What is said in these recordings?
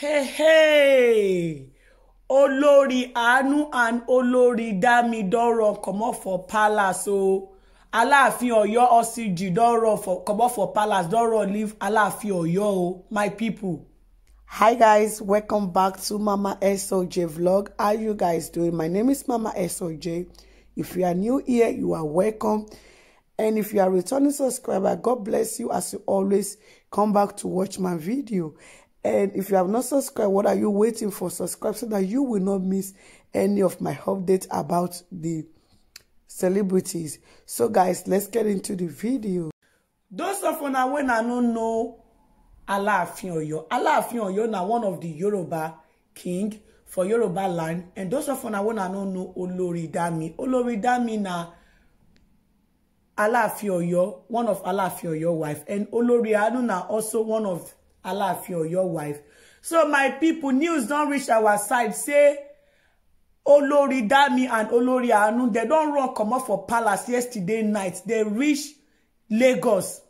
Hey olórí àánú and olórí dámidọ́rọ̀ comot for palace o aláàfin ọ̀yọ́ ọ̀sìnjì dọ́rọ̀ comot for palace dọ́rọ̀ leave aláàfin ọ̀yọ́ o my people. hi guys welcome back to mama soj vlog how you guys doing my name is mama soj if you are new here you are welcome and if you are returning subscriber god bless you as you always come back to watch my video And if you have not subscribed, what are you waiting for? Subscribe so that you will not miss any of my updates about the celebrities. So guys, let's get into the video. Those of una when I no know Alaafin Oyo. Alaafin Oyo na one of the Yoruba king for Yoruba land. And those of una when I no know Olori Dami. Olori Dami na Alaafin Oyo, one of Alaafin Oyo wife. And Olori Anu na also one of Alaafin your wife. So my people, news don't reach our side say Olori Dami and Olori Anu, they don't run Come comot for palace yesterday night. They reach Lagos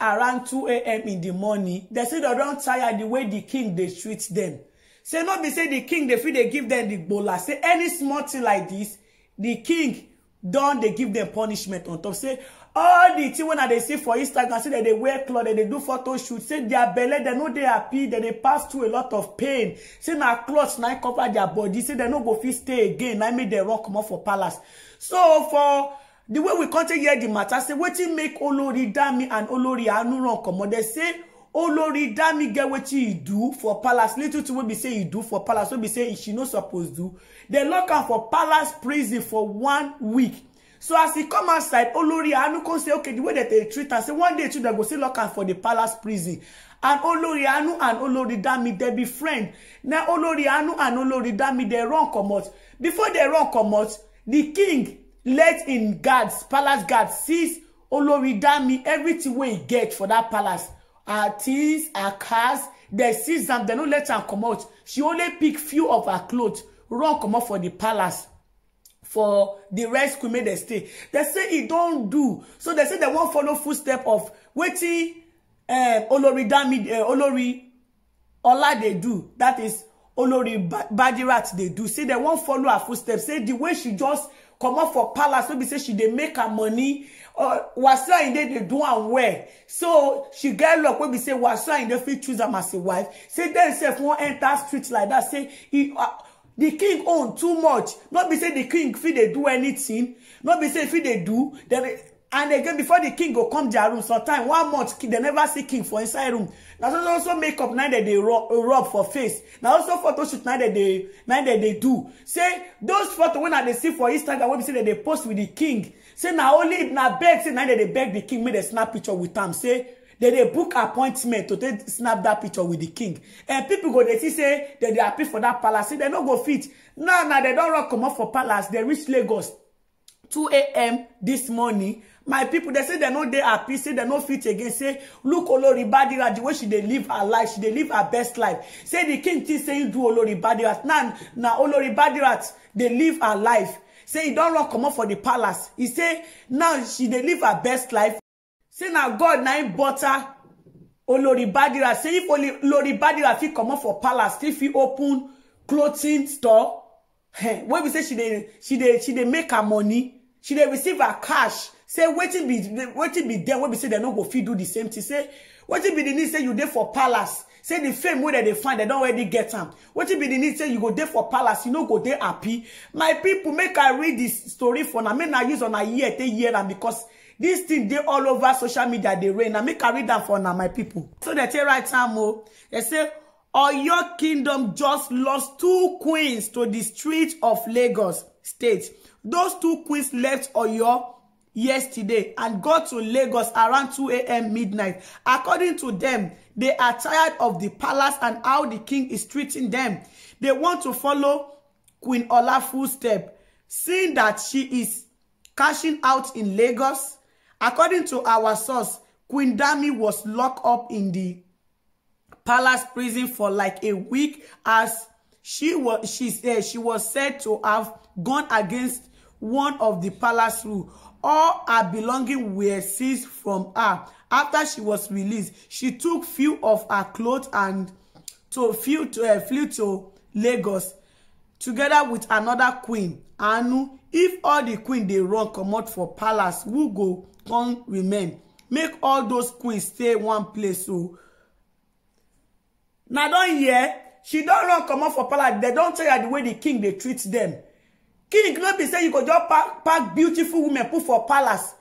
around 2 a.m. in the morning. They say they don tire the way the king they treat them. Say not be say the king they feel they give them the bola. Say any small thing like this, the king don't they give them punishment on top. Say all the children wey na see for instagram say that they wear clothes, dem dey do photo shoot say dia belle dem no dey happy dem dey pass through a lot of pain say na clothes, na cover their body say they no go fit stay again I made the rock more for palace so for the way we con take hear di matter say what you make olori dami and olori anu Come on, they say olori dami get what you do for palace little tin wey be say you do for palace wey be saying she no suppose do They lock am for palace prison for one week so as he come outside olori anu come say okay the way that they treat am say one day they go still lock am for the palace prison and olori anu and olori dami dem be friend na olori anu and olori dami dem run out. before dem run out, the king let in guards palace guards seize olori dami everything wey he get for that palace her things her cars they seize am they no let her come out. she only pick few of her clothes run out for the palace for the rest, rescue make dem stay dem say e don do so dem say dem wan follow footstep of wetin eh, eh, olori ola dey do that is olori badirat dey do say dem wan follow her footsteps say the way she just comot for palace no be say she dey make her money uh, wasu ayinde dey do am well so she get luck wey be say wasu ayinde fit choose am as a wife say dem sef wan enter street like that. say uh, The king own too much not be say the king feel they do anything not be say feel they do Then and again before the king go come their room sometimes one month they never see king for inside room Now so also make up night dem dey rub for face Now also photo shoot now that they do say those photo when i dey see for instagram wey be say that they post with the king say now only now beg say now that they beg the king make dem snap picture with am say They dey book appointment to take snap that picture with the king and eh, people go they see say dem they appeal for that palace say dem no go fit no, na dem don run up for palace They reach lagos 2am this morning my people, they say dem no dey happy say dem no fit again say look Olori oloribadira the way she dey live her life she dey live her best life say the king tins say him do oloribadira now Olori oloribadira they live her life say e don run up for the palace He say now she dey live her best life say now god na him butter olori badira say if olori badira fit comot for palace if he open clothing store wey we say she they she they make her money she they receive her cash say waiting be waiting be there. wey we say they no go fit do the same thing say waiting be the need say you there for palace say the fame where they dey find they don't already get am wetin be the need say you go there for palace you no go there happy my people make i read this story for na make na use on a year ten year am because dis thing they all over social media they rain na make i read that for now my people. so they take right time, oh they say oyo kingdom just lost two queens to the streets of lagos state those two queens left oyo yesterday and got to lagos around 2am midnight according to them, they are tired of the palace and how the king is treating them. they want to follow queen ola full step, seeing that she is cashing out in lagos According to our source, Queen Dami was locked up in the palace prison for like a week as she was she said eh, she was said to have gone against one of the palace rule. All her belongings were seized from her. After she was released, she took few of her clothes and to flew to, uh, flew to Lagos together with another queen, Anu. If all the queen they run comot for palace, who go come remain make all those queens stay one place o oh. na don hear she don run comot for palace dem don tell her the way the king dey treat dem king no be say you go just pack pack beautiful women put for palace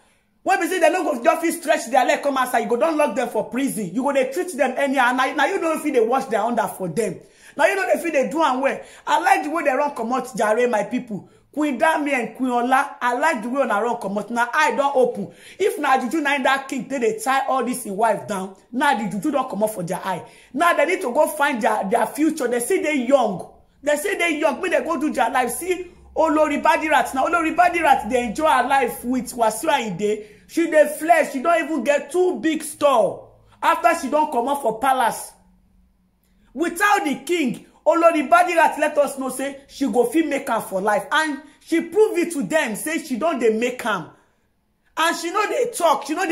wey be say dem no go just fit stretch their leg come outside you go don lock dem for prison you go dey treat dem anyhow na, na you no fit dey wash their under for dem na you no dey fit dey do am well i like the way dem run comot jare my people queen dami and queen ola i like the way on una come, but now I don't open if now juju na that king take dey tie all this im wife down Now the juju come up for their eye now they need to go find their their future they say they young they say they young When they go do their life see Oh olori badirat na olori rats. They enjoy her life with wasiu ayinde she dey flex she don't even get two big store after she don't come up for palace without the king Olori Badirat let us know say she go fit make am for life and she prove it to them. say she don dey make am and she know dey talk she know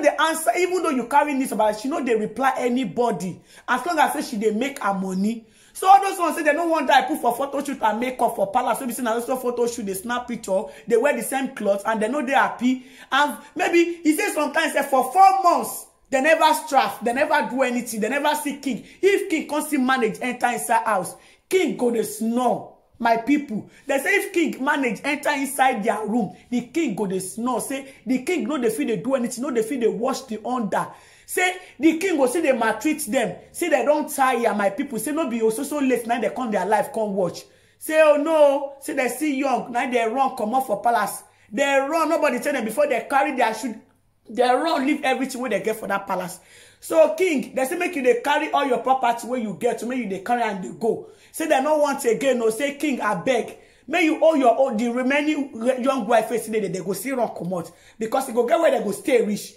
dey answer even though you carry this, about she know dey reply anybody as long as say she dey make her money so all those ones say dem no that. I put for photo shoot and make up for palace So be see na also photo shoot they snap picture they wear the same clothes and they know dey happy and maybe he say sometimes say for four months They never straff. They never do anything. They never see king. If king can't see manage enter inside house, king go the snow. My people, they say if king manage enter inside their room, the king go the snow. Say the king know they feel they do anything. Know they feel they wash the under. Say the king go see they maltreat them. Say they don't tire. My people say no be also oh, so late now they come their life come watch. Say oh no. Say they see young now they run come off for palace. They run. Nobody tell them before they carry their shoe They run leave everything where they get for that palace so king they say make you they carry all your property where you get make you they carry and they go say they no want again No, say king I beg. May you owe your own the remaining young wife facing still they go see run comot because they go get where they go stay rich.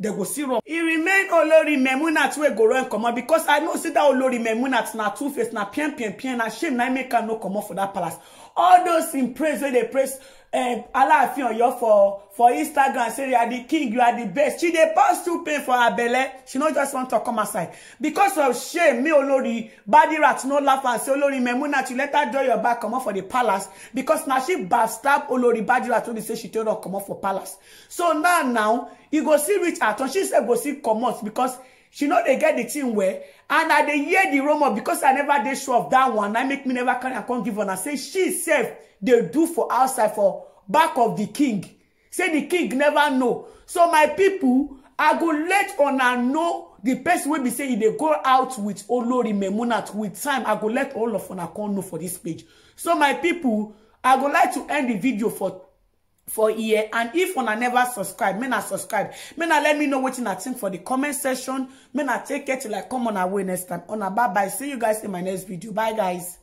They go see run. He remain olori memunat where go run comot because i know say dat olori memunat na two face na pian pian pian na shame na make am no comot for that palace all those in praise where they praise um, Aláàfin Ọ̀yọ́ for for Instagram say you are the king, you are the best. She dey pass too pain for her belle. She no just want to come aside because of shame. Me Olori Badirat no laugh and say Olori Memunat, you let her draw your back comot for the palace because na she backstab Olori Badirat wey be say she tell her comot for palace. So now now you go see reach her turn. She sef go see comot because she know they get the thing well and i they hear the rumor because i never dey sure of that one I make me never can I come give I say she sef they do for outside for back of the king say the king never know so my people i go let on una know the person will be say e dey go out with olori memunat with time i go let all of una come know for this page so my people i go like to end the video for for here and if one una never subscribe may na subscribe may na let me know wetin i think for the comment section may na take it till i come on our way next time una bye bye see you guys in my next video bye guys